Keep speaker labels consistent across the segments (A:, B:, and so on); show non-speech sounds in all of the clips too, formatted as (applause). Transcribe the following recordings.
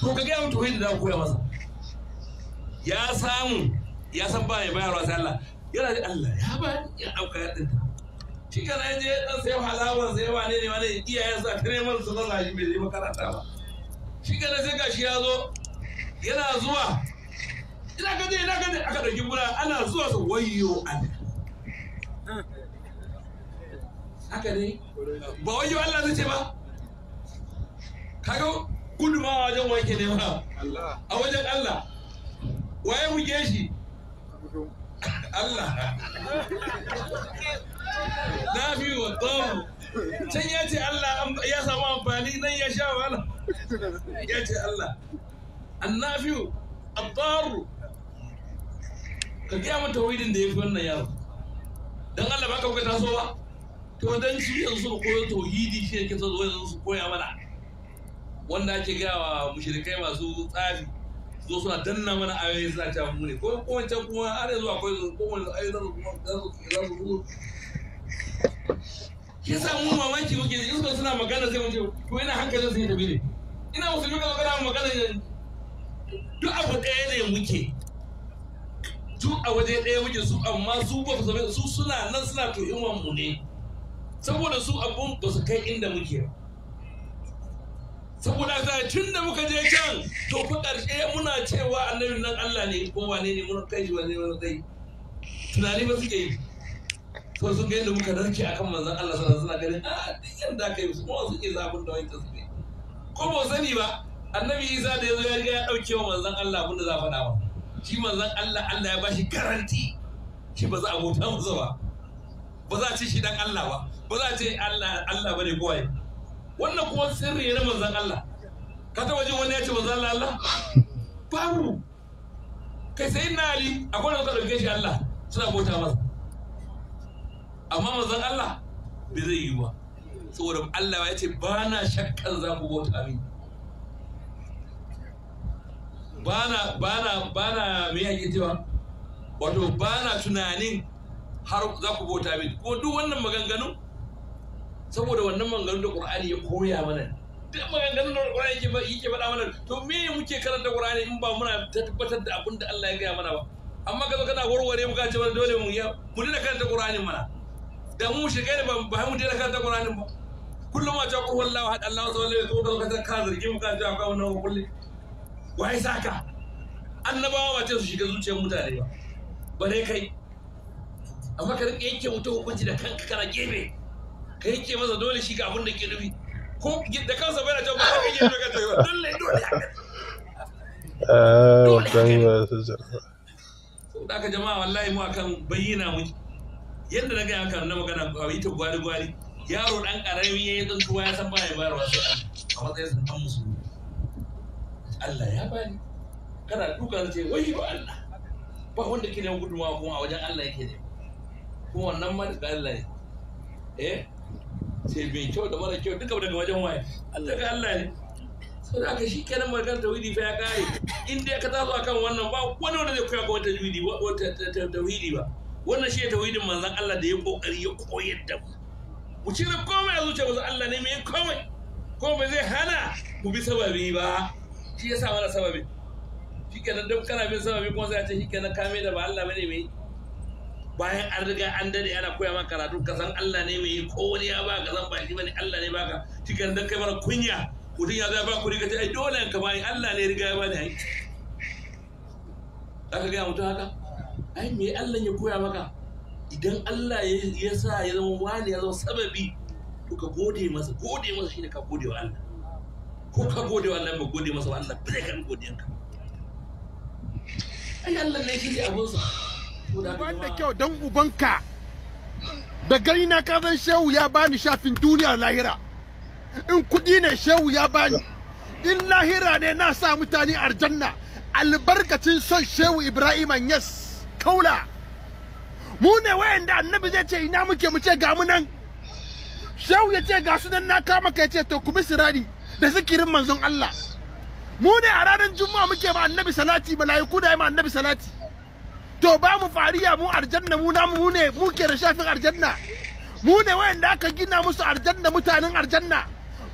A: to ka gaya mutu da za ku koya masa ya samu ya san ba mai bayarwa sai Allah yana da Allah ya ba ya dauka ya dinta shi na je dan sai halawan sai wane ne wane iyayen sa tremor su zan haji bai je makaranta ba shi kana sai gashi ya zo yana zuwa ina ka je ina ka je aka dauki bura ana zuwa su wayyo Allah haka ne ba wayyo Allah zai ce ba kaga a wajen wake nema a wajen Allah waye mu ge shi Allah
B: na fi wa
A: tsohu can ya ce Allah ya samu amfani nan ya sha wala ya ce Allah annafiyu abbaru ka gaya mata wadin da ya fi wannan yaro don Allah ba ka kuka taso ba to don shi yanzu ko tauhidi shi ya kisa zuwa yanzu koya mana wanda ake gaya wa mushirikai masu tsafi zo suna danna mana ayoyi suna cewa mu ne ko ko wancan kuma har yanzu akwai ko wani ayoyi za su kuma za su zo ya sa mu mamaki muke yi suka suna magana sai wuce ce ko ina hankalin sai tafi ne ina musulmi ka magana magana duk abu ɗaya ne muke duk a waje ɗaya muke su amma su ba su suna nan suna to mu ne saboda su abun ba su kai inda muke ba saboda haka tun da muka je can to ku ƙarshe muna cewa annabin nan Allah ne ko wane ne mun kai wane mun kai tunani ba suke yi so sun ga yadda muka narke akan manzon Allah sallallahu suna ganin a ah, duk yanda kai su kuma suke zabun da wani tasbi ko ba sani ba annabi Isa da yazo ya riga ya dauke wa manzon Allah abin da za faɗa ba shi manzon Allah Allah ya bashi garanti shi ba za a bauta masa ba ba za a ce shi dan Allah ba ba za a ce Allah Allah bane kowa wannan kuma sirri na manzan Allah ka taba jin wani ya ce manzan Allah Allah (laughs) babu kai sai na Ali akwai da suka dauke shi Allah suna bauta masa amma manzan Allah bai zai yi ba saboda Allah ya ce ba na shakkan za ku bauta min bana ba na me yake cewa wato bana tunanin har za ku bauta min ko duk wannan maganganun saboda wannan maganganun da Qur'ani ya koya mana duk maganganun da Qur'ani yake ba yake faɗa mana to me muke karanta Qur'ani in ba muna tabbatar da abin da Allah ya gaya mana ba amma ka kana warware mu ka ce mana dole mu ya mu dina karanta Qur'anin mana da mu shi kai ba ba mu dina karanta Qur'anin ba kullum ma ta qul wallahu ahad Allahu samad lam yakul lahu ka ahad zargi mu ka ce ka wannan kullum wai saka annabawa ba ce su shiga zuciyar mutane ba bare kai amma ka rike yake mutum hukunci da kanka kana gebe ka yake masa dole shi ga abin da ke nufi ko da kansa bai na can ba haka yake nufi kanta dole dole haka eh, da aka jama'a wallahi mu akan bayyana mu yadda na gaya kan na magana a yi ta gwari gwari yaro dan karami yi dan tuwa ya san ba ya bayarwa sai a matsayin sun kan musu Allah ya bani kana dukan ce wai ba Allah ba wanda ke da gudunmawa kuma a wajen Allah yake ne kuma wannan ma da Allah ne eh sai mai kyau da mara kyau duka daga wajen waye Allah ga Allah ne sau da aka shi kenan maganar tawhidi fa ya kare in dai ka taso akan wannan ba wani wanda zai koya ga wata tawhidi ba tawhidi ba wannan shi ne tawhidin manzon Allah da ya kokari ya koyar da mu mu cire komai a zuciya wasu Allah ne mai komai ko ba zai hana mu bi sababi ba shi yasa mana sababi shi kenan duk kana bin sababi kuma sai a ce shi kenan kame da ba Allah bane mai bayan an riga an dade ana koya maka karatu ka san Allah ne mai ko wani ya baka san ba shi bane Allah ne baka cikin dan kai mana kunya mutum ya ba ku ka ce ai dole ka bayi Allah ne riga ya bani ai zaka ga mutu haka ai me Allah ya koya maka idan Allah ya sa ya zama wani ya zama sababi to ka gode masa gode masa shine ka gode wa Allah ko ka gode wa Allah ba gode masa wa Allah bai kan godiyanka
B: ai Allah ne yake abunsa uban da kyau dan ubanka da gani na zan shehu ya bani shafin duniya lahira in kudi ne shehu ya bani in lahira ne na sa mutane arjanna albarkacin son shehu ibrahim yes kaula mu ne wayanda annabi zai ce ina muke mu ce ga mu nan shehu ya ce ga su nan na kama ka ce to kuma sirari da zikirin manzon Allah mu ne a ranar juma'a muke ma annabi salati mala'iku da ma annabi salati to ba mu fariya mu aljanna mu namu mu ne mu ke da shafin aljanna mu ne wayanda aka gina musu aljanna mutanen aljanna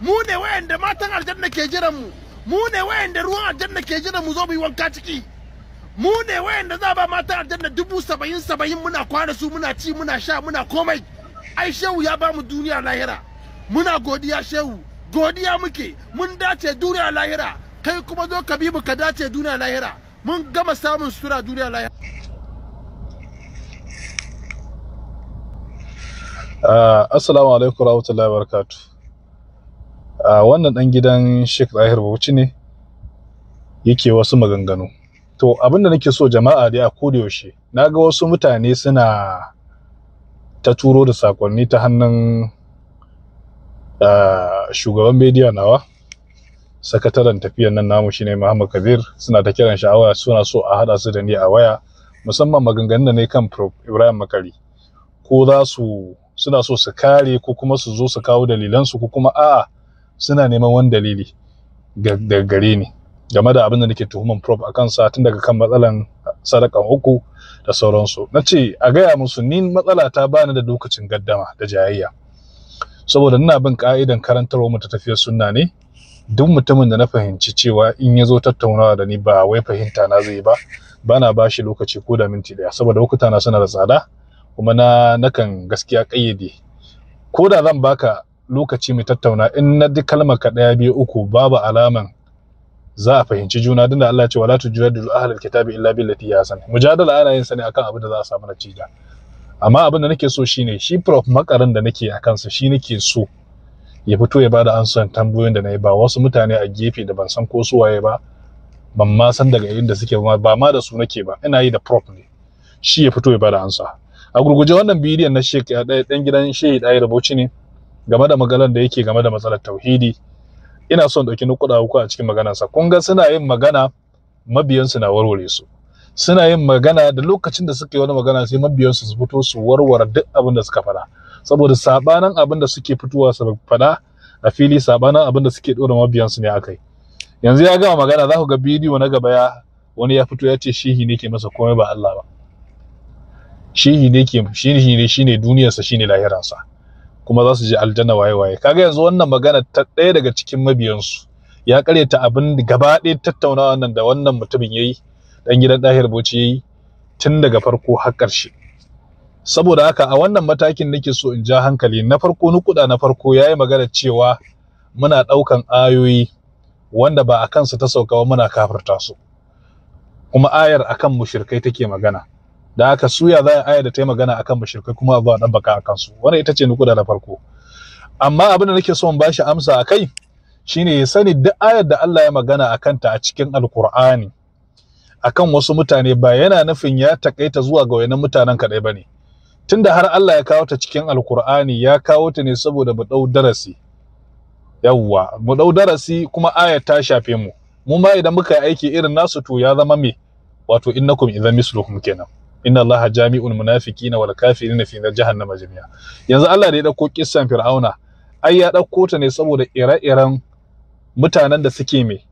B: mu ne wayanda matan aljanna ke jiran mu mu ne wayanda ruwan aljanna ke jiran mu zo mu yi wanka ciki mu ne wayanda za ba matan aljanna dubu saba'in saba'in muna kwana su muna ci muna sha muna komai ai shehu ya ba mu duniya lahira muna godiya shehu godiya muke mun dace duniya lahira kai kuma zo ka bi mu ka dace duniya lahira mun gama samun sura duniya lahira
C: Uh, assalamu alaikum rahmatullahi barakatu uh, wannan dan gidan Sheikh Zahir Bauchi ne yake wasu maganganu to abinda nake so jama'a dai a Na ga wasu mutane suna ta turo da sakonni ta hannun uh, shugaban media nawa sakataren tafiyan nan namu shine Muhammad Kabir suna ta kiran shi a waya suna so a hada su da ni a waya musamman maganganun da ne kan Prof Ibrahim Makari ko za su suna so su kare ko kuma su zo su kawo dalilansu ko kuma a'a suna neman wani dalili daga gare ni game da abin da nake tuhuman prof a kansa tun daga kan matsalan sadakan uku da sauransu na ce a gaya musu ni matsala ta bani da lokacin gaddama da jayayya saboda ina bin ka'idan karantarwa mu ta tafiyar sunna ne duk mutumin da na fahimci cewa in ya zo tattaunawa da ni ba wai fahimta na zai ba bana bashi lokaci ko da minti daya saboda lokuta na suna da tsada kuma na nakan gaskiya kayyade ko da zan baka lokaci mai tattauna in na duk kalmar ka daya biyu uku babu alaman za a fahimci juna dinda Allah ce wala tujadilu ahlul kitabi illa billati ya san mujadala ana yin sa ne akan abin da za a samu natija amma abin da nake so shine shi prof makarin da nake a kansa shi nake so ya fito ya bada ansa tambayoyin da na yi ba wasu mutane a gefe da ban san ko su waye ba ban ma san daga inda suke ba ma da su nake ba ina yi da prof ne shi ya fito ya bada ansa a gurguje wannan bidiyon na shek ɗan gidan shehi ɗaya rubuci ne game da maganar da yake game da matsalar tauhidi ina son ɗauki nukuda uku a cikin maganarsa kun ga suna yin magana mabiyansu na warware su suna yin magana da lokacin da suka yi wani magana sai mabiyansu su fito su warware duk abin da suka faɗa saboda sabanin abin da suke fitowa su faɗa a fili sabanin abin da suke ɗora mabiyansu ne a kai. yanzu ya gama magana za ku ga bidiyo na gaba ya wani ya fito ya ce shihi ne ke masa komai ba Allah ba shi ne ke shi ne shi ne duniyarsa shi ne lahiransa kuma za su je aljanna waye waye kaga yanzu wannan magana ta ɗaya daga cikin mabiyansu ya karyata abin gaba ɗaya tattaunawa wannan, da wannan mutumin ya yi dan gidan ɗahir bauchi yi tun daga farko har ƙarshe saboda haka a wannan matakin nake so in ja hankali na farko nukuda na farko yayi magana cewa muna ɗaukan ayoyi wanda ba a kansu ta sauka ba muna kafirta su kuma ayar akan mushirkai take magana da aka suya za a aya da ta yi magana akan mushrikai kuma zuwa dan baka akan su wannan ita ce nukuda da farko amma abin da nake so in bashi amsa akai shine ya sani duk ayar da Allah ya magana akan ta a cikin alkur'ani akan wasu mutane ba yana nufin ya takaita zuwa ga wayannan mutanen kadai bane tunda har Allah ya kawo ta cikin alkur'ani ya kawo ta ne saboda mu dau darasi yawwa mu dau darasi kuma aya ta shafe mu mu ma idan muka yi aiki irin nasu to ya zama me wato innakum idan misluhum kenan inna allaha jami'ul munafiqina wal kafirina fi jahannama jami'a yanzu Allah da ya dauko kissan fir'auna ai ya dauko ta ne saboda ire-iren mutanen da suke me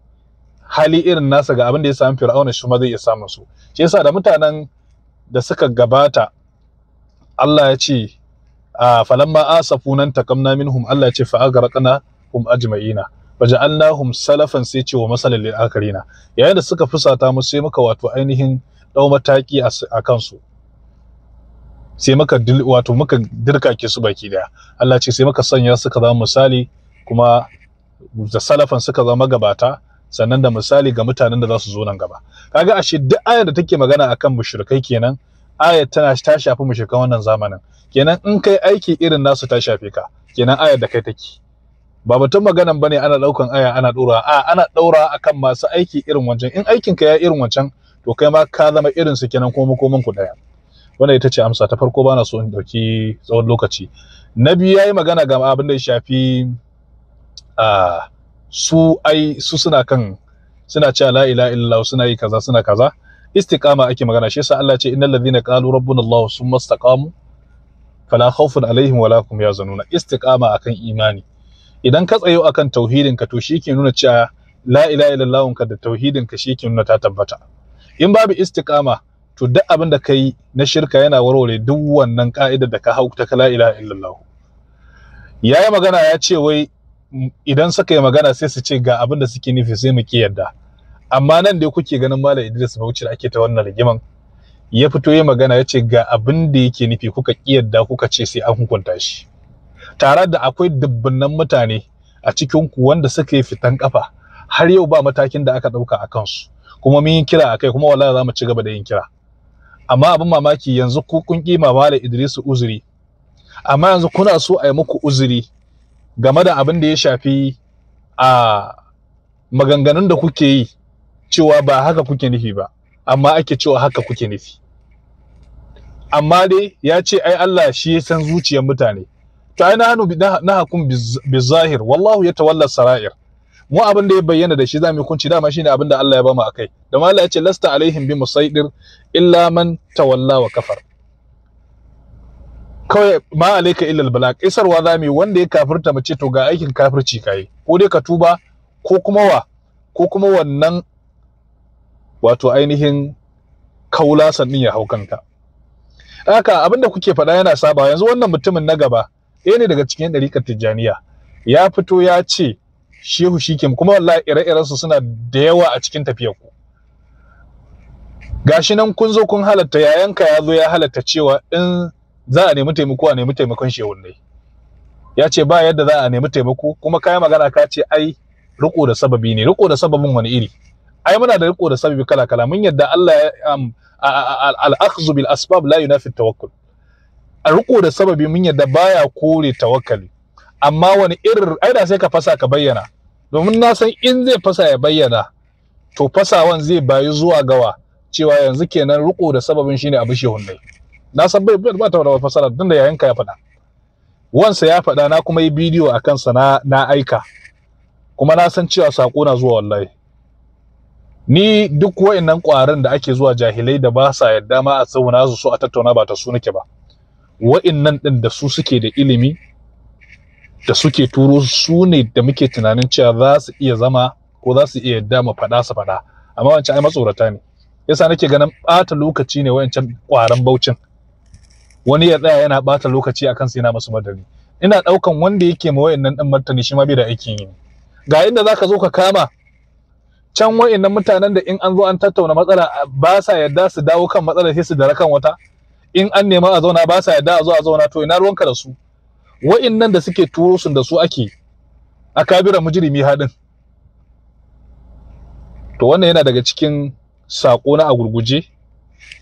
C: hali irin nasa ga abin da ya samu fir'auna shi ma zai iya samun su shi yasa da mutanen da suka gabata Allah ya ce a falamma asafunan takamna minhum Allah ya ce fa agraqna hum ajma'ina waja'alnahum salafan sai ce wa masalil akarina yayin da suka fusata mu sai muka wato ainihin ɗau mataki a kansu sai maka wato muka dirkake su baki daya Allah ce sai maka sanya suka zama misali kuma da salafan suka zama gabata sannan da misali ga mutanen da za su zo nan gaba kaga ashe duk ayar da take magana akan mushrikai kenan ayar tana ta shafi mushrikan wannan zamanin kenan in kai aiki irin nasu ta shafe ka kenan ayar da kai take ba batun maganan bane ana daukan aya ana dora a ana daura akan masu aiki irin wancan in aikin ka ya irin wancan to kai ma ka zama irin su kenan kuma makomin ku daya wannan ita ce amsa ta farko bana so in dauki tsawon lokaci na biyu yayi magana ga abin da ya shafi a su ai su suna kan suna cewa la ilaha illallah suna yi kaza suna kaza istiqama ake magana shi yasa Allah ce innal ladhina qalu rabbuna Allah thumma istaqamu fala khawfun alaihim wala hum yahzanun istiqama akan imani idan ka tsayo akan tauhidin ka to shi ke nuna cewa la ilaha illallah ka da tauhidin ka shi ke nuna ta tabbata in babu istiqama to duk abin da ka na shirka yana warware duk wannan ka'idar da ka hau ta la ilaha illallah ya yi magana ya ce wai idan suka yi magana sai su ce ga abin da suke nufi sai mu ki yadda amma nan da kuke ganin malam Idris Bauchi da ake ta wannan rigiman ya fito ya magana ya ce ga abin da yake nufi kuka kiyarda kuka ce sai an hukunta shi tare da akwai dubbunan mutane a cikin ku wanda suka yi fitan kafa har yau ba matakin da aka dauka a kansu kuma mun yi kira akai kuma wallahi za mu ci gaba da yin kira amma abin mamaki yanzu ku kun kima mala Idrisu uzuri amma yanzu kuna so a yi muku uzuri game da abin da ya shafi a maganganun da kuke yi cewa ba haka kuke nufi ba amma ake cewa haka kuke nufi amma dai ya ce ai Allah shi ya san zuciyar mutane to ai na hakun bizahir wallahu ya yatawalla sarair mu abin da ya bayyana da shi za mu kunci, dama shine abin da Allah ya bamu akai da Allah ya ce lasta alaihim bi musaidir illa man tawalla wa kafar kawai ma alaika illa albalag isar za mu wanda ya kafirta mu ce to ga aikin kafirci kai ko dai ka tuba ko kuma wa ko kuma wannan wato ainihin kaula sannin ya hau kanka haka da kuke faɗa yana saba yanzu wannan mutumin na gaba ɗaya ne daga cikin ɗarikar tijjaniya ya fito ya ce shehu shi ke kuma wallahi ire-iren su suna da yawa a cikin tafiyar ku gashi nan kun zo kun halatta yayanka ya zo ya halatta cewa in za a nemi taimako a nemi taimakon shehu ne ya ce ba yadda za a nemi taimako kuma kai magana ka ce ai riko da sababi ne riko da sababin wani iri ai muna da riko da sababi kala kala mun yadda Allah al akhzu bil asbab la yunafi tawakkul a riko da sababi mun yadda baya kore tawakkali amma wani irin ai da sai ka fasa ka bayyana domin na san in zai fasa ya bayyana to fasawan zai bayi zuwa gawa cewa yanzu kenan riko da sababin shine abu shi hundai na san bai ba ta da fasara tun da ka ya faɗa wansa ya faɗa na kuma yi bidiyo a kansa na na aika kuma na san cewa sako na zuwa wallahi ni duk wa'annan ƙwarin da ake zuwa jahilai da ba sa yadda ma a tsauna su a tattauna ba ta su nake ba wa'annan din da su suke da ilimi da suke turo su ne da muke tunanin cewa za su iya zama ko za su iya yadda mu faɗa su faɗa amma wancan ai matsorata ne yasa nake ganin ɓata lokaci ne wancan ƙwaran baucin wani ya tsaya yana ɓata lokaci akan sai na masu madari ina ɗaukan wanda yake ma wa'annan ɗan martani shi ma bai da aikin yi ga inda zaka zo ka kama can wa'annan mutanen da in an zo an tattauna matsala ba sa yadda su dawo kan matsalar sai da dara kan wata in an nema a zauna ba sa yadda a zo a zauna to ina ruwanka da su nan da suke turo sun da su ake a kabira mujirimi haɗin to wannan yana daga cikin sako na a gurguje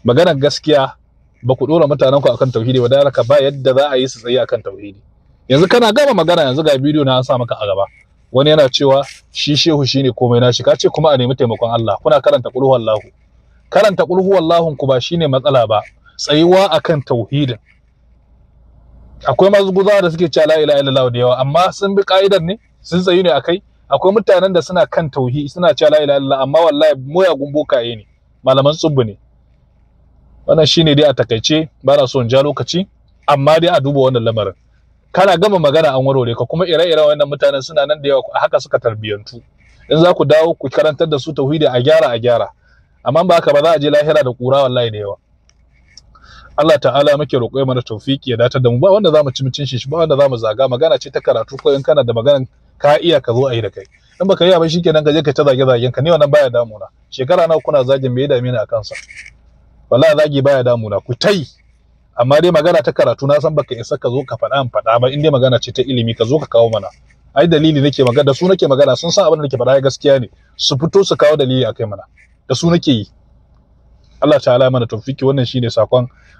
C: maganar gaskiya ba ku ɗora mutanen ku akan tauhidi ba ba yadda za a yi su tsaye akan tauhidi yanzu kana gama magana yanzu ga bidiyo na an sa maka a gaba wani yana cewa shi shehu shine komai nashi ka ce kuma a nemi taimakon Allah kuna karanta kulhu wallahu. karanta kulhu wallahu ku ba shine matsala ba tsayuwa akan tauhidin akwai masu guza da suke cewa la ilaha illallah da yawa amma sun bi ka'idar ne sun tsayu ne akai akwai mutanen da suna kan tauhi suna cewa la ilaha amma wallahi gumbo bokaye ne malaman tsubbu ne wannan shine dai a takaice ba na so in ja lokaci amma dai a duba wannan lamarin kana gama magana an warware ka kuma ire-iren wannan mutanen suna nan da yawa haka suka tarbiyantu in za ku dawo ku karantar da su tauhidi a gyara a gyara amma ba haka ba za a je lahira da kura wallahi da yawa Allah ta'ala muke roƙo mana tawfiki ya datar da mu ba wanda zamu ci mutun shi ba wanda zamu zaga magana ce ta karatu ko in kana da magana ka iya ka zo ayi da kai in baka yi abin shikenan ka je ka ta zage zagen ka ni wannan baya damuna shekara nawa kuna zagin me ya dame ni akan sa wallahi zagi baya damuna ku tai amma dai magana ta karatu na san baka isa ka zo ka faɗa in faɗa ba in dai magana ce ta ilimi ka zo ka kawo mana ai dalili nake magana da su nake magana sun san abin da nake faɗa gaskiya ne su fito su kawo dalili akai mana da su nake yi Allah ta'ala mana tawfiki wannan shine sakon